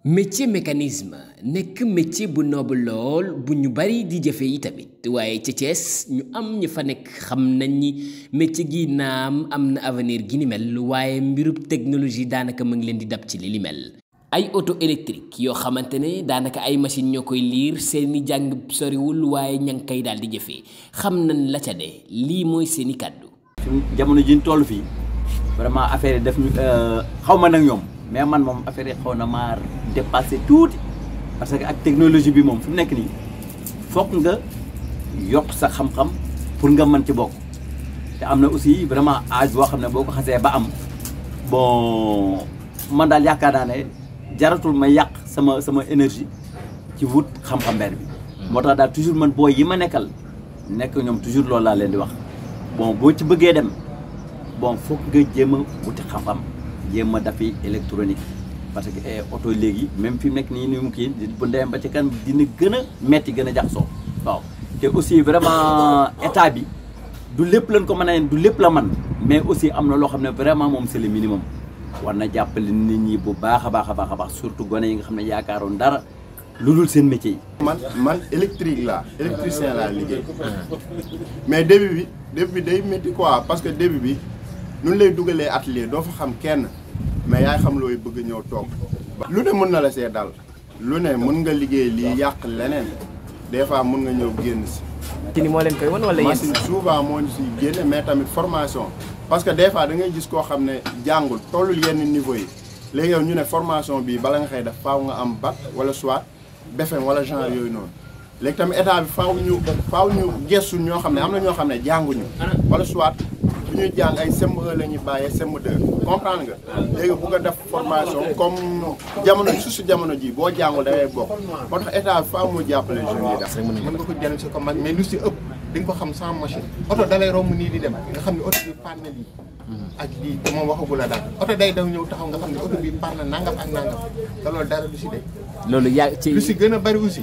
métier mécanisme nekk métier bu noobu lool bu ñu bari di jëfe yi tamit waaye ca Thiès ñu am ñu fa nekk xam nañ ni métier gi naam am na avenir gi ni mel waaye mbirub technologie daanaka mu ngi leen di dab ci li li mel. ay auto électrique yoo xamante ne daanaka ay machine ñoo koy liir seeni jàng soriwul waaye ña ngi koy daal di jëfee xam nañ la ca de lii mooy seeni kàddu. jamono ji ñu toll fii vraiment affaire yi def ñu euh, xaw ma nag ñoom mais man moom affaire xaw na maar dépassé tuuti parce que ak technologie bi moom fu mu nekk nii foog nga yokk sa xam-xam pour nga mën ci bokk te am na aussi vraiment âge boo xam ne boo ko xasee ba am bon man daal yaakaar naa ne jaratul ma yàq sama sama énergie ci wut xam-xam benn bi. Hmm. moo tax daal toujours man boo yi ma nekkal nekk ñoom toujours loolu laa leen di wax bon boo ci bëggee dem bon foog nga jéem a wuti xam-xam jéem a dafi électronique. parce que eh, oto léegi même fi mu nekk nii ni mu kii bu ndeyam ba ci kanam dina gën a metti gën a jaxasoo waaw te aussi vraiment état bi du lépp lañ ko mën a du lépp la man mais aussi am na loo xam ne vraiment moom c'est le minimum war na jàppale nit ñi bu baax a baax a baax a baax surtout gone yi nga xam ne yaakaaroon dara lu dul seen métier yi. man man électrique laa électricien laa liggéey mais début bi début bi day métti quoi parce que début bi nun lay dugalee atelier doo fa xam kenn. mais yaay xam looy bëgg ñëw toog lu ne mën na la see dal lu ne mën nga liggéey lii yàq leneen des fois mën nga ñëw génn si ci ni moo leen koy wan wala yéen si souvent moo ñu si génne mais tamit formation parce que des fois da ngay gis koo xam ne jàngul tollul yenn niveau yi léegi yow ñu ne formation bii bala nga xëy def faaw nga am bac wala soit BFEM wala genre yooyu noonu léegi tamit état bi faaw ñu faaw ñu gëstu ñoo xam ne am na ñoo xam ne jànguñu wala soit bu ñuy jàng ay CM1 la ñuy bàyyee CM2 comprendre nga léegi bu nga def formation comme jamono su su jamono ji boo jàngul da ngay bokk moo tax état fa mu jàppale jeunes yi daal mën nga ko jël si comme mais lu si ëpp di ko xam sans machine oto dalay romb nii di dem nga xam ne oto bi panne lii mm-hmm. ak lii te moom waxagu la daal oto day daw ñëw taxaw nga xam ne oto bi panne nangam ak nangam te loolu dara lu si day loolu yaa ci lu si gën a bari si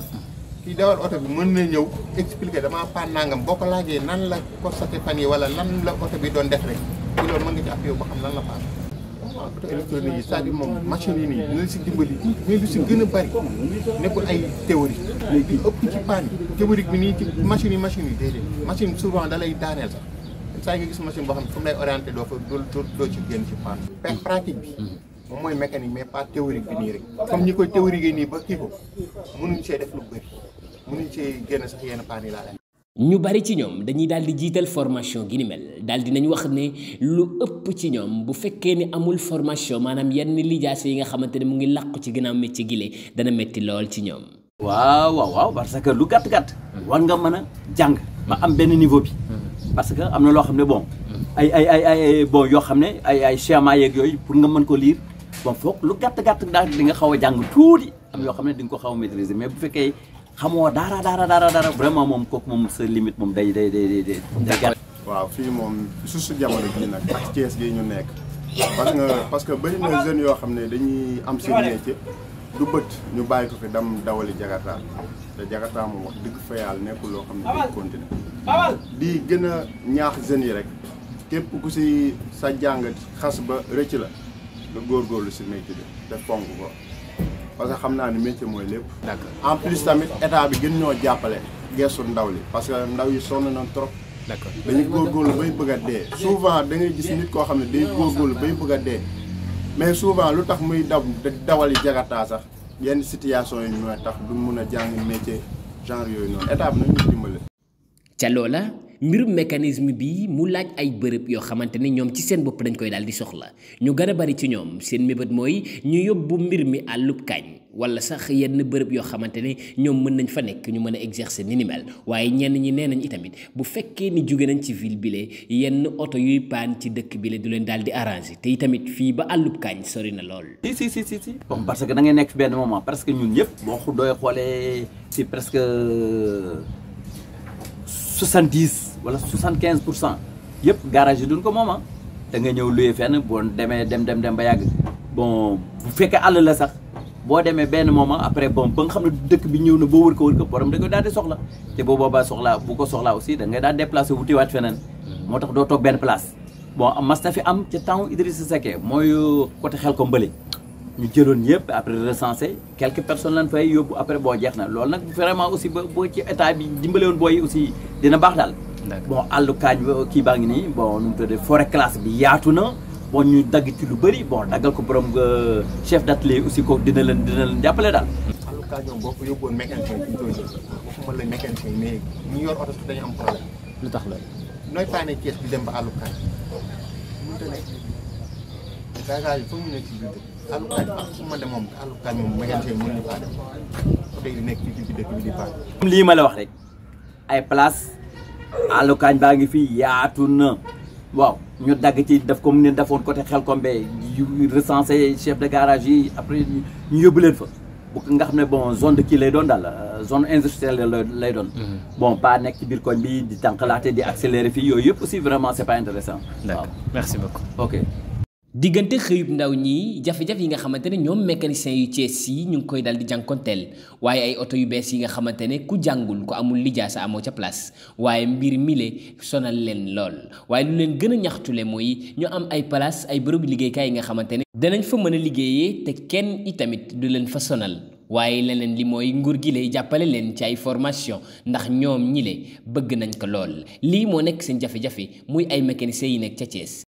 kii dawal oto bi mën na ñëw expliquer damaa paan nangam boo ko laajee nan la constaté fan yi wala lan la oto bi doon def rek ci loolu mën nga ci appuyé ba xam lan la paan waaw oto moom machine yi nii dina si dimbali mais lu si gën a bari nekkul ay ëpp ci paan yi théorique bi nii ci machine yi machine yi déedéet machine souvent da lay boo xam ne fu mu doo fa doo doo ci génn ci paan moom mooy mécanique mais pas théorique bi nii rek comme ñi koy théorique nii ba kii ko mënuñ see def lu bëri ci génn ñu bari ci ñoom dañuy daal di jiital formation gi ni mel daal di nañ wax ne lu ëpp ci ñoom bu fekkee ni amul formation maanaam yenn lijaase yi nga xamante ne mu ngi làqu ci ginnaaw métier gile dana métti lool ci ñoom. waaw waaw waaw parce que lu gàtt gat war nga mën a jàng. ba am benn niveau bi. parce que am na loo xam ne bon. ay ay ay ay bon yoo xam ne ay ay schéma yeeg yooyu pour nga mën ko liir bon foog lu gàtt gàtt daal di nga xaw a jàng tuuti am yoo xam ne di ko xaw a mais bu fekkee. xamoo dara dara dara dara vraiment moom kooku moom limite moom day day day day. waaw fii moom su su jamono jii nag ak Thiès gi ñu nekk parce que parce que bëri na jeunes yoo xam ne dañuy am si métier du bët ñu bàyyi ko fi dam dawali jakarta te jakarta moom wax dëgg fa yàlla nekkul loo xam ne day continuer di gën a ñaax jeunes yi rek képp ku si sa jàng xas ba rëcc la nga góorgóorlu si métier bi te fonk ko parce que xam naa ne métier mooy lépp. d'accord en plus tamit état bi gën ñoo jàppale geesu ndaw li parce que ndaw yi sonn nañ trop. d'accord dañuy góorgóorlu bay bëgg a dee souvent da ngay gis nit koo xam ne day góorgóorlu bay bëgg a dee mais souvent lu tax muy daw dawali jagataa sax yenn situation yi ñooy tax du mun a jàng métier genre yooyu noonu état bi nañu dimbale. ca loola mbirum mécanisme bi mu laaj ay bërëb yoo xamante ne ñoom ci seen bopp dañ koy daal di soxla ñu gën a bari ci ñoom seen mébét mooy ñu yóbbu mbir mi àllub kaañ wala sax yenn bërëb yoo xamante ne ñoom mën nañ fa nekk ñu mën a exercer ni ni mel waaye ñenn ñi nee nañ itamit bu fekkee ni jóge nañ ci ville bile yenn oto yuy paan ci dëkk bile du leen daal di arrangé te itamit fii ba àllub kaañ sori na lool. si si si si si. parce que da ngay nekk benn moment parce que ñun yëpp boo xoolee si presque wala 75 pour cent yëpp garage yi duñ ko moom ah nga ñëw luyee fenn boo demee dem dem ba yàgg bon bu fekkee àll la sax boo demee benn moment après bon ba nga xam ne dëkk bi ñëw na boo wër ko wër ko borom da koy daal di soxla te boo boobaa soxlaa bu ko soxla aussi da ngay daal déplacé wutiwaat feneen moo tax doo toog benn place bon mas na fi am ca temps Idrissa Seck mooy côté xel ko mbële ñu jëloon yëpp après recensé quelques personnes lañ fay yóbbu après boo jeex na loolu nag vraiment aussi ba boo ci état bi dimbale woon booy aussi dina baax daal bon àllu kaañ kii baa ngi nii bon nu mu tuddee forêt classe bi yaatu na bon ñu dagg ci lu bëri bon daggal ko boroom nga euh, chef d'atelier aussi kooku dina leen dina leen jàppale daal. àllu kaañ moom boo ko yóbbuwoon mécanicien bi ñu doon yëg ñu yor oto am problème. lu tax la nooy paane kees bi dem ba àllu kaañ mënut a nekk garage nekk lii ma la wax rek ay place alukaañ baa ngi fii yaatu na waaw ñu dagg ci def comme ni defoon côté Xelcom be recensé chef de garage yi après ñu yóbbu leen fa bu nga xam ne bon zone de kii lay doon daal euh, zone industrielle lay doon mhm. bon pas nekk ci biir koñ bi di tànqalaate di accélérer fii yooyu yëpp aussi vraiment c'est pas intéressant d'accord merci beaucoup ok diggante xëyub ndaw ñii jafe-jafe yi nga xamante ne ñoom mécanicien yu Cees yi ñu ngi koy dal di jànkonteel waaye ay oto yu bees yi nga xamante ne ku jàngul ku amul lijaa sa amoo ca place waaye mbir mile sonal leen lool waaye lu leen gën a ñaxtule mooy ñu am ay place ay bërëbu liggéeykaay yi nga xamante ne danañ fa mën a liggéeyee te kenn itamit du leen fa sonal waaye leen lii mooy nguur gi lay jàppale leen ci ay formation ndax ñoom ñi le bëgg nañ ko lool lii moo nekk seen jafe-jafe muy ay mécanicien yi nekk ca Cees